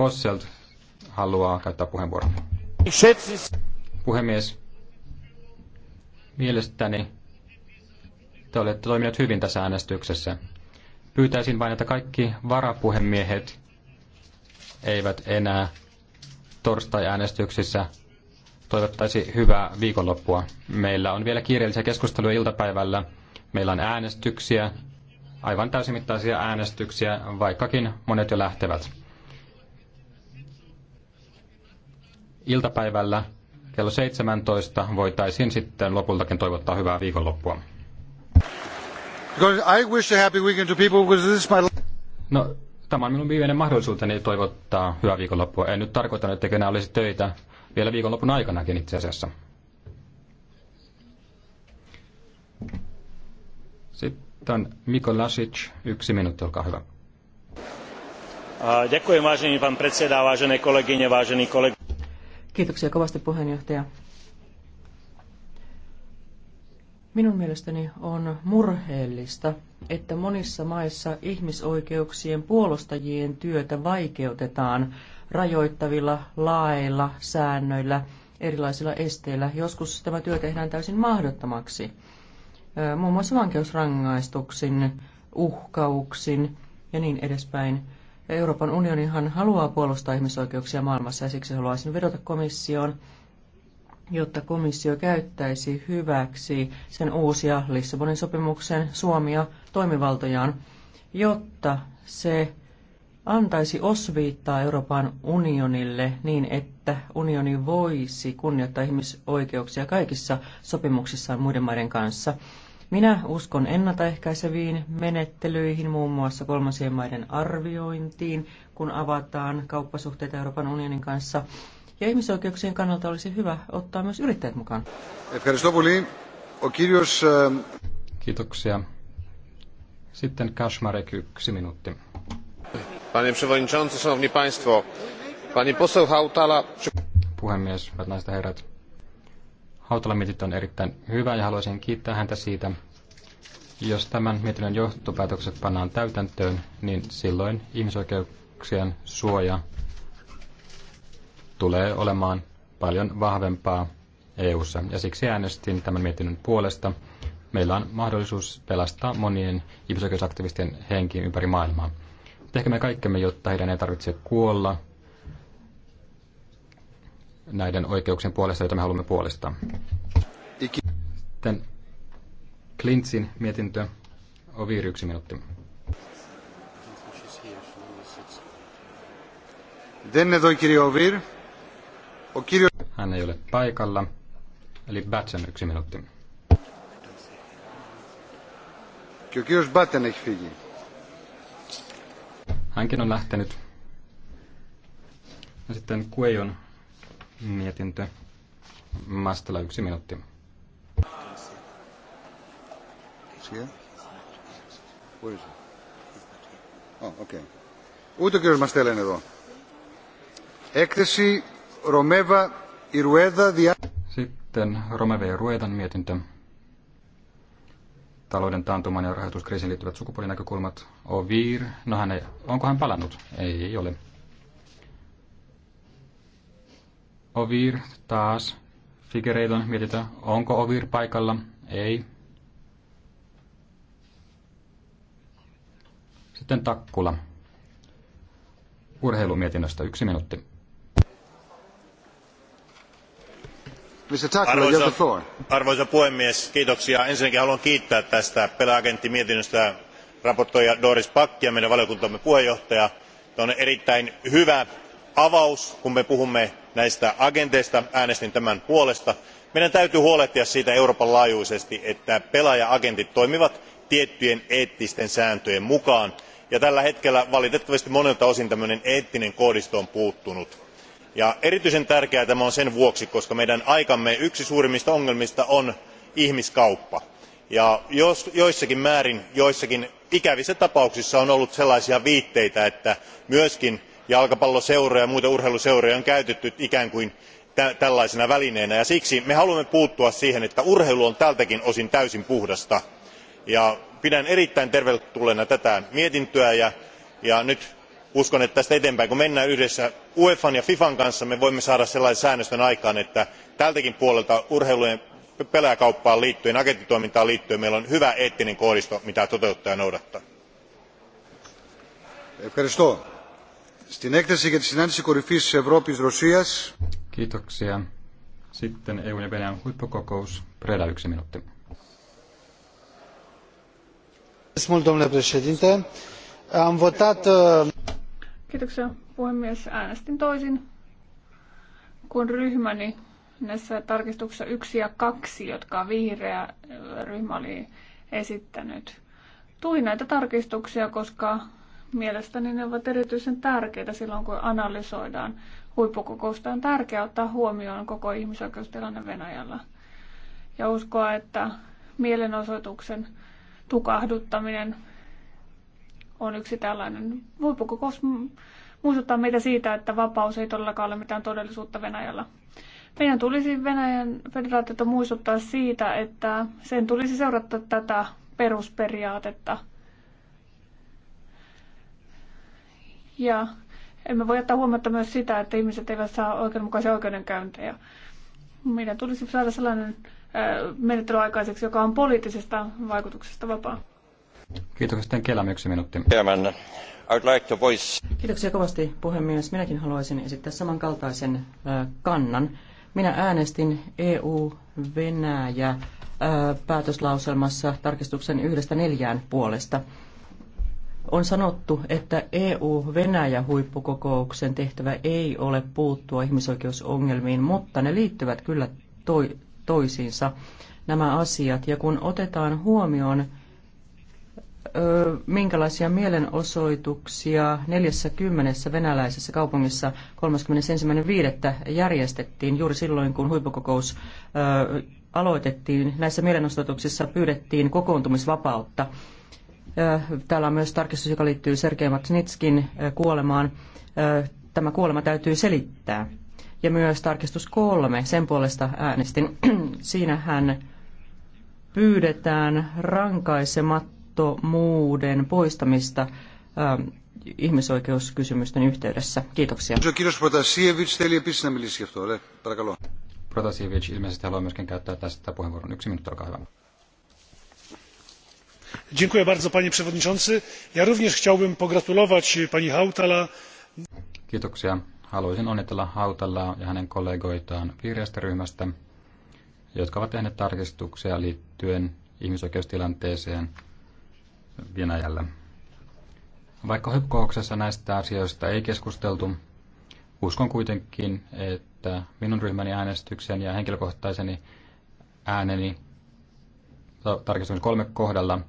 Posselt haluaa käyttää puheenvuoron. Puhemies, mielestäni te olette toimineet hyvin tässä äänestyksessä. Pyytäisin vain, että kaikki varapuhemiehet eivät enää torstai-äänestyksissä toivottaisi hyvää viikonloppua. Meillä on vielä kiireellisiä keskusteluja iltapäivällä. Meillä on äänestyksiä, aivan täysimittaisia äänestyksiä, vaikkakin monet jo lähtevät. iltapäivällä kello 17 voitaisiin sitten lopultakin toivottaa hyvää viikonloppua. No, tämä on minun viimeinen mahdollisuuteni toivottaa hyvää viikonloppua. En nyt tarkoita, että enää olisi töitä vielä viikonlopun aikanakin itse asiassa. Sitten Miko Lasic, yksi minuutti, olkaa hyvä. Ďakujem, vážený pán predseda, vážené kolegyne, vážení kolegovia. Kiitoksia kovasti puheenjohtaja. Minun mielestäni on murheellista, että monissa maissa ihmisoikeuksien puolustajien työtä vaikeutetaan rajoittavilla laeilla, säännöillä, erilaisilla esteillä. Joskus tämä työ tehdään täysin mahdottomaksi. Muun muassa vankeusrangaistuksin, uhkauksin ja niin edespäin. Euroopan unionihan haluaa puolustaa ihmisoikeuksia maailmassa ja siksi haluaisin vedota komissioon, jotta komissio käyttäisi hyväksi sen uusia Lissabonin sopimuksen Suomia toimivaltojaan, jotta se antaisi osviittaa Euroopan unionille niin, että unioni voisi kunnioittaa ihmisoikeuksia kaikissa sopimuksissaan muiden maiden kanssa. Minä uskon ennaltaehkäiseviin menettelyihin, muun muassa kolmansien maiden arviointiin, kun avataan kauppasuhteita Euroopan unionin kanssa. Ja ihmisoikeuksien kannalta olisi hyvä ottaa myös yrittäjät mukaan. Kiitoksia. Sitten Kaszmarek, yksi minuutti. Panie przewodniczący, szanowni państwo, pani poseł Hautala... Puhemies, hyvät naiset ja herrat. Hautala mietintö on erittäin hyvä ja haluaisin kiittää häntä siitä. Jos tämän mietinnön johtopäätökset pannaan täytäntöön, niin silloin ihmisoikeuksien suoja tulee olemaan paljon vahvempaa EU:ssa ja siksi äänestin tämän mietinnön puolesta. Meillä on mahdollisuus pelastaa monien ihmisoikeusaktivistien henki ympäri maailmaa. Tehkäämme kaikkemme, jotta heidän ei tarvitse kuolla näiden oikeuksien puolesta, joita me haluamme puolesta. Sitten Klintsin mietintö. Oviiri yksi minuutti. Hän ei ole paikalla. Eli Batsen yksi minuutti. Και e Hänkin on lähtenyt. Ja sitten Kuejon mietintö. Mastella yksi minuutti. Oh, okay. Ούτε ο κύριος Μαστέλα είναι εδώ. Έκθεση Ιρουέδα διά... Sitten Romeva ja Ruetan mietintö. Talouden taantuman ja rahoituskriisiin liittyvät sukupuolinäkökulmat. Ovir, no hän ei, onko hän palannut? Ei, ei ole. Ovir taas. Figureidon mietitään, onko Ovir paikalla? Ei. Sitten Takkula. Urheilumietinnöstä yksi minuutti. Arvoisa, arvoisa puhemies kiitoksia. ensinnäkin haluan kiittää tästä peläagenttimietinnöstä raportoija doris packia meidän valiokuntamme puheenjohtaja. tämä on erittäin hyvä avaus kun me puhumme näistä agenteista äänestin tämän puolesta. meidän täytyy huolehtia siitä euroopan laajuisesti että pelaaja agentit toimivat tiettyjen eettisten sääntöjen mukaan ja tällä hetkellä valitettavasti monelta osin tällainen eettinen koodisto on puuttunut. erityisen tärkeää tämä on sen vuoksi koska meidän aikamme yksi suurimmista ongelmista on ihmiskauppa ja jossakin määrin joissakin ikävissä tapauksissa on ollut sellaisia viitteitä että myöskin jalkapalloseuroja ja muita urheiluseuroja on käytetty ikään kuin tällaisena välineenä ja siksi me haluamme puuttua siihen että urheilu on tältäkin osin täysin puhdasta. pidän erittäin tervetulleena tätä mietintöä ja nyt uskon että tästä eteenpäin kun mennään yhdessä n ja n kanssa me voimme saada sellaisen säännöstön aikaan että tältäkin puolelta urheilujen pelaajakauppaan liittyen agenttitoimintaan liittyen meillä on hyvä eettinen koodisto mitä toteuttaa ja noudattaa. Στην έκθεση για τη συνάντηση κορυφής Ευρώπης-Ρωσίας. Kiitoksia. Sitten EU ja Venäjän huippukokous. Preda yksi minuutti. Uh, Kiitoksia puhemies. Äänestin toisin kuin ryhmäni näissä tarkistuksissa yksi ja kaksi, jotka vihreä ryhmä oli esittänyt. Tuin näitä tarkistuksia, koska Mielestäni ne ovat erityisen tärkeitä silloin, kun analysoidaan huippukokousta. On tärkeää ottaa huomioon koko ihmisoikeustilanne Venäjällä ja uskoa, että mielenosoituksen tukahduttaminen on yksi tällainen. Huippukokous muistuttaa meitä siitä, että vapaus ei todellakaan ole mitään todellisuutta Venäjällä. Meidän tulisi Venäjän federaatiota muistuttaa siitä, että sen tulisi seurata tätä perusperiaatetta – Ja emme voi jättää huomatta myös sitä, että ihmiset eivät saa oikeudenmukaisia oikeudenkäyntejä. Meidän tulisi saada sellainen menettely aikaiseksi, joka on poliittisesta vaikutuksesta vapaa. Kiitoksia. Sitten Kelam yksi minuutti. I'd like to voice... Kiitoksia kovasti puhemies. Minäkin haluaisin esittää samankaltaisen kannan. Minä äänestin EU-Venäjä päätöslauselmassa tarkistuksen yhdestä neljään puolesta. On sanottu, että EU-Venäjä-huippukokouksen tehtävä ei ole puuttua ihmisoikeusongelmiin, mutta ne liittyvät kyllä toi, toisiinsa nämä asiat. Ja kun otetaan huomioon, minkälaisia mielenosoituksia 40 venäläisessä kaupungissa 31.5. järjestettiin juuri silloin, kun huippukokous aloitettiin, näissä mielenosoituksissa pyydettiin kokoontumisvapautta. Täällä on myös tarkistus, joka liittyy Sergei Matsnitskin kuolemaan. Tämä kuolema täytyy selittää. Ja myös tarkistus kolme, sen puolesta äänestin. Siinä hän pyydetään rankaisemattomuuden poistamista ihmisoikeuskysymysten yhteydessä. Kiitoksia. Kiitos Protasiewicz. Teillä επίσης να μιλήσει γι' ilmeisesti haluaa myöskin käyttää tästä puheenvuoron. Yksi minuutti, olkaa hyvä panie przewodniczący! ja również chciałbym pogratulować pani hautala. kiitoksia. haluaisin onnitella hautalaa ja hänen kollegoitaan vihreästä ryhmästä jotka ovat tehneet tarkistuksia liittyen ihmisoikeustilanteeseen Venäjällä. Vaikka huippukouksessa näistä asioista ei keskusteltu, uskon kuitenkin, että minun ryhmäni äänestyksen ja henkilökohtaiseni ääneni no, tarkistuksen kolme kohdalla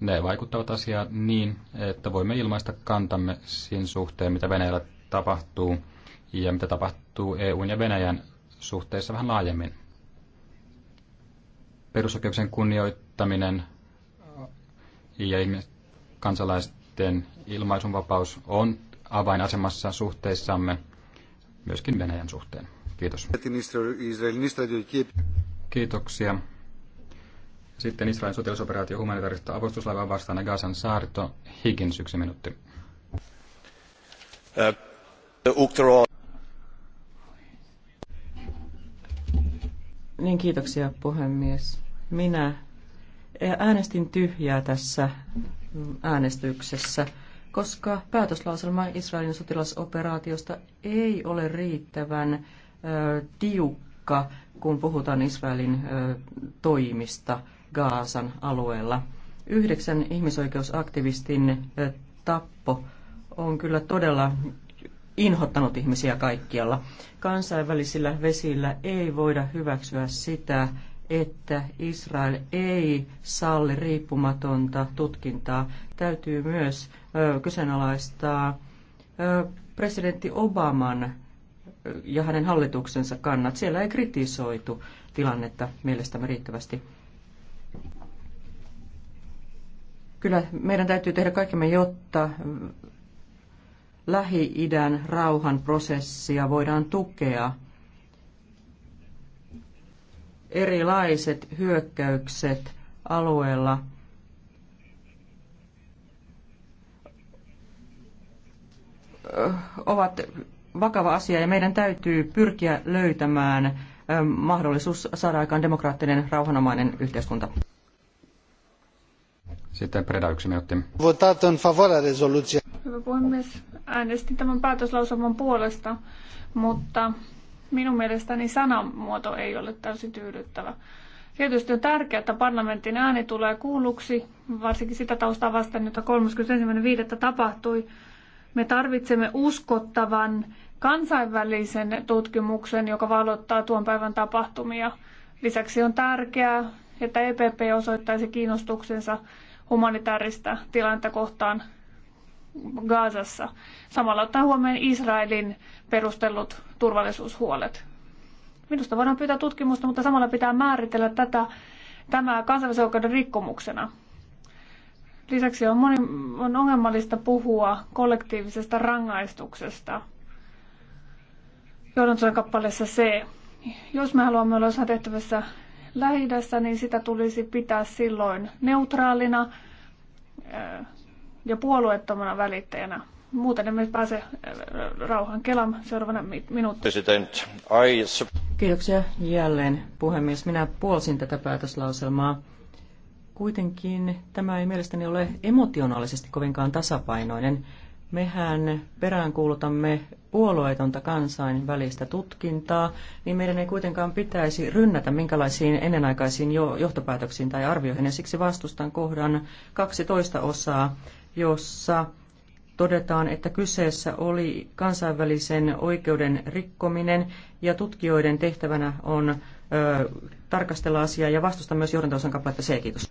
ne vaikuttavat asiaan niin, että voimme ilmaista kantamme sen suhteen, mitä Venäjällä tapahtuu ja mitä tapahtuu EUn ja Venäjän suhteessa vähän laajemmin. Perusoikeuksien kunnioittaminen ja kansalaisten ilmaisunvapaus on avainasemassa suhteissamme myöskin Venäjän suhteen. Kiitos. Kiitoksia. Sitten Israelin sotilasoperaatio humanitaarista avustuslaivaa vastaan Gazan saarto. Higgins, yksi minuutti. Niin, kiitoksia puhemies. Minä äänestin tyhjää tässä äänestyksessä, koska päätöslauselma Israelin sotilasoperaatiosta ei ole riittävän tiukka, kun puhutaan Israelin toimista – Gaasan alueella. Yhdeksän ihmisoikeusaktivistin tappo on kyllä todella inhottanut ihmisiä kaikkialla. Kansainvälisillä vesillä ei voida hyväksyä sitä, että Israel ei salli riippumatonta tutkintaa. Täytyy myös ö, kyseenalaistaa ö, presidentti Obaman ja hänen hallituksensa kannat. Siellä ei kritisoitu tilannetta mielestämme riittävästi. Kyllä meidän täytyy tehdä kaikkemme, jotta Lähi-idän rauhanprosessia voidaan tukea. Erilaiset hyökkäykset alueella ovat vakava asia ja meidän täytyy pyrkiä löytämään mahdollisuus saada aikaan demokraattinen, rauhanomainen yhteiskunta. Sitten Preda yksi minuutti. Votat on favora resoluutio. Hyvä puhemies. Äänestin tämän päätöslauselman puolesta, mutta minun mielestäni sanamuoto ei ole täysin tyydyttävä. Tietysti on tärkeää, että parlamentin ääni tulee kuulluksi, varsinkin sitä taustaa vasten, jota 31.5. tapahtui. Me tarvitsemme uskottavan kansainvälisen tutkimuksen, joka valottaa tuon päivän tapahtumia. Lisäksi on tärkeää, että EPP osoittaisi kiinnostuksensa humanitaarista tilannetta kohtaan Gaasassa. Samalla ottaa huomioon Israelin perustellut turvallisuushuolet. Minusta voidaan pyytää tutkimusta, mutta samalla pitää määritellä tätä, tämä kansainvälisen oikeuden rikkomuksena. Lisäksi on, moni, on ongelmallista puhua kollektiivisesta rangaistuksesta. Johdantuen kappaleessa C. Jos me haluamme olla osa tehtävässä lähi niin sitä tulisi pitää silloin neutraalina ja puolueettomana välittäjänä. Muuten emme pääse rauhan kelam seuraavana minuuttina. Kiitoksia jälleen puhemies. Minä puolsin tätä päätöslauselmaa. Kuitenkin tämä ei mielestäni ole emotionaalisesti kovinkaan tasapainoinen mehän peräänkuulutamme puolueetonta kansainvälistä tutkintaa, niin meidän ei kuitenkaan pitäisi rynnätä minkälaisiin ennenaikaisiin johtopäätöksiin tai arvioihin. Ja siksi vastustan kohdan 12 osaa, jossa todetaan, että kyseessä oli kansainvälisen oikeuden rikkominen ja tutkijoiden tehtävänä on ö, tarkastella asiaa ja vastustan myös johdantosan kappaletta C. Kiitos.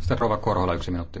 Sitten Rova Korhola, yksi minuutti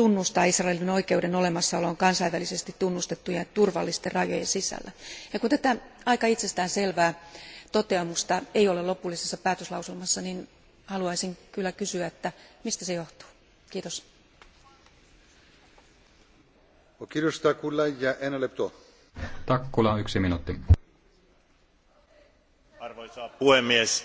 tunnustaa israelin oikeuden olemassaoloon kansainvälisesti tunnustettujen turvallisten rajojen sisällä ja kun tätä aika itsestään selvää toteamusta ei ole lopullisessa päätöslauselmassa niin haluaisin kyllä kysyä että mistä se johtuu? kiitos. arvoisa puhemies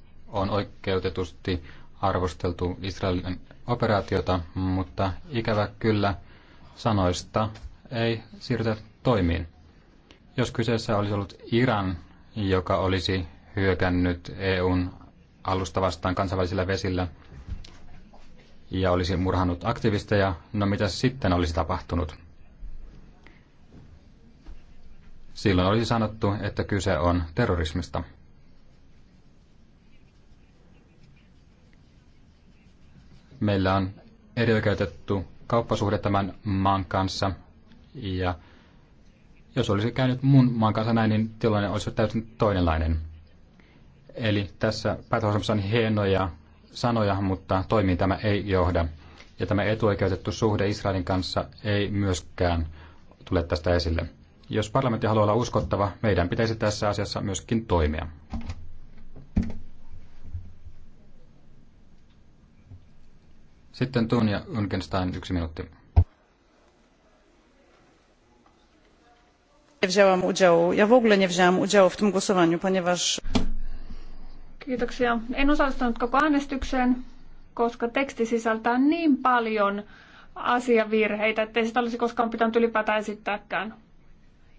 on oikeutetusti arvosteltu Israelin operaatiota, mutta ikävä kyllä sanoista ei siirrytä toimiin. Jos kyseessä olisi ollut Iran, joka olisi hyökännyt EUn alusta vastaan kansainvälisillä vesillä ja olisi murhannut aktivisteja, no mitä sitten olisi tapahtunut? Silloin olisi sanottu, että kyse on terrorismista. Meillä on erioikeutettu kauppasuhde tämän maan kanssa ja jos olisi käynyt mun maan kanssa näin, niin tilanne olisi täysin toinenlainen. Eli tässä päätöksessä on hienoja sanoja, mutta toimiin tämä ei johda. Ja tämä etuoikeutettu suhde Israelin kanssa ei myöskään tule tästä esille. Jos parlamentti haluaa olla uskottava, meidän pitäisi tässä asiassa myöskin toimia. Sitten Tuunia Unkenstein, yksi minuutti. ja Kiitoksia. En osallistunut koko äänestykseen, koska teksti sisältää niin paljon asiavirheitä, ettei sitä olisi koskaan pitänyt ylipäätään esittääkään.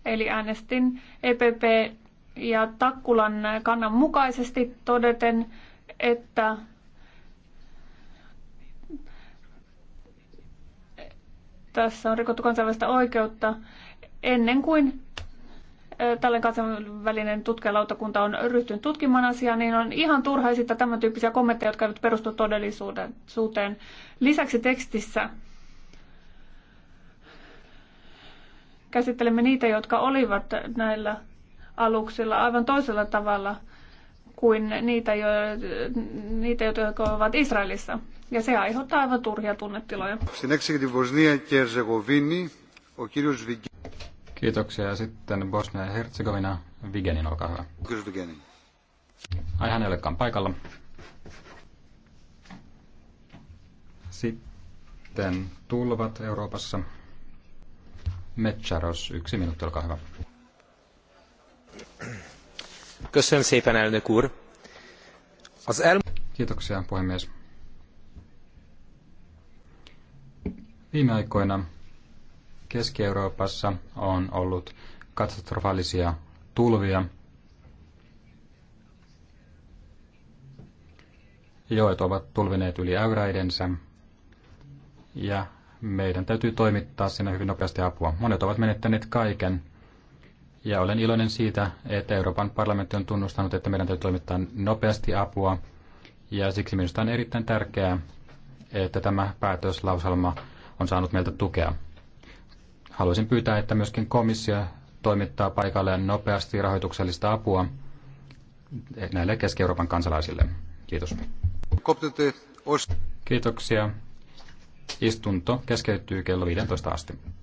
Eli äänestin EPP ja Takkulan kannan mukaisesti todeten, että tässä on rikottu kansainvälistä oikeutta ennen kuin tällainen kansainvälinen tutkijalautakunta on ryhtynyt tutkimaan asiaa, niin on ihan turha esittää tämän tyyppisiä kommentteja, jotka eivät perustu todellisuuteen. Lisäksi tekstissä käsittelemme niitä, jotka olivat näillä aluksilla aivan toisella tavalla kuin niitä, jo, niitä jotka ovat Israelissa. Ja se aiheuttaa aivan turhia tunnetiloja. Kiitoksia. Ja sitten Bosnia ja Herzegovina. Vigenin, olkaa hyvä. Ai hän ei olekaan paikalla. Sitten tulvat Euroopassa. Metsaros, yksi minuutti, olkaa hyvä. Köszönöm szépen, elnök úr. Az el... Kiitoksia, puhemies. Viime aikoina Keski-Euroopassa on ollut katastrofaalisia tulvia. Joet ovat tulvineet yli äyräidensä ja meidän täytyy toimittaa sinne hyvin nopeasti apua. Monet ovat menettäneet kaiken ja olen iloinen siitä, että Euroopan parlamentti on tunnustanut, että meidän täytyy toimittaa nopeasti apua ja siksi minusta on erittäin tärkeää, että tämä päätöslauselma on saanut meiltä tukea. Haluaisin pyytää, että myöskin komissio toimittaa paikalleen nopeasti rahoituksellista apua näille Keski-Euroopan kansalaisille. Kiitos. Kiitoksia. Istunto keskeytyy kello 15 asti.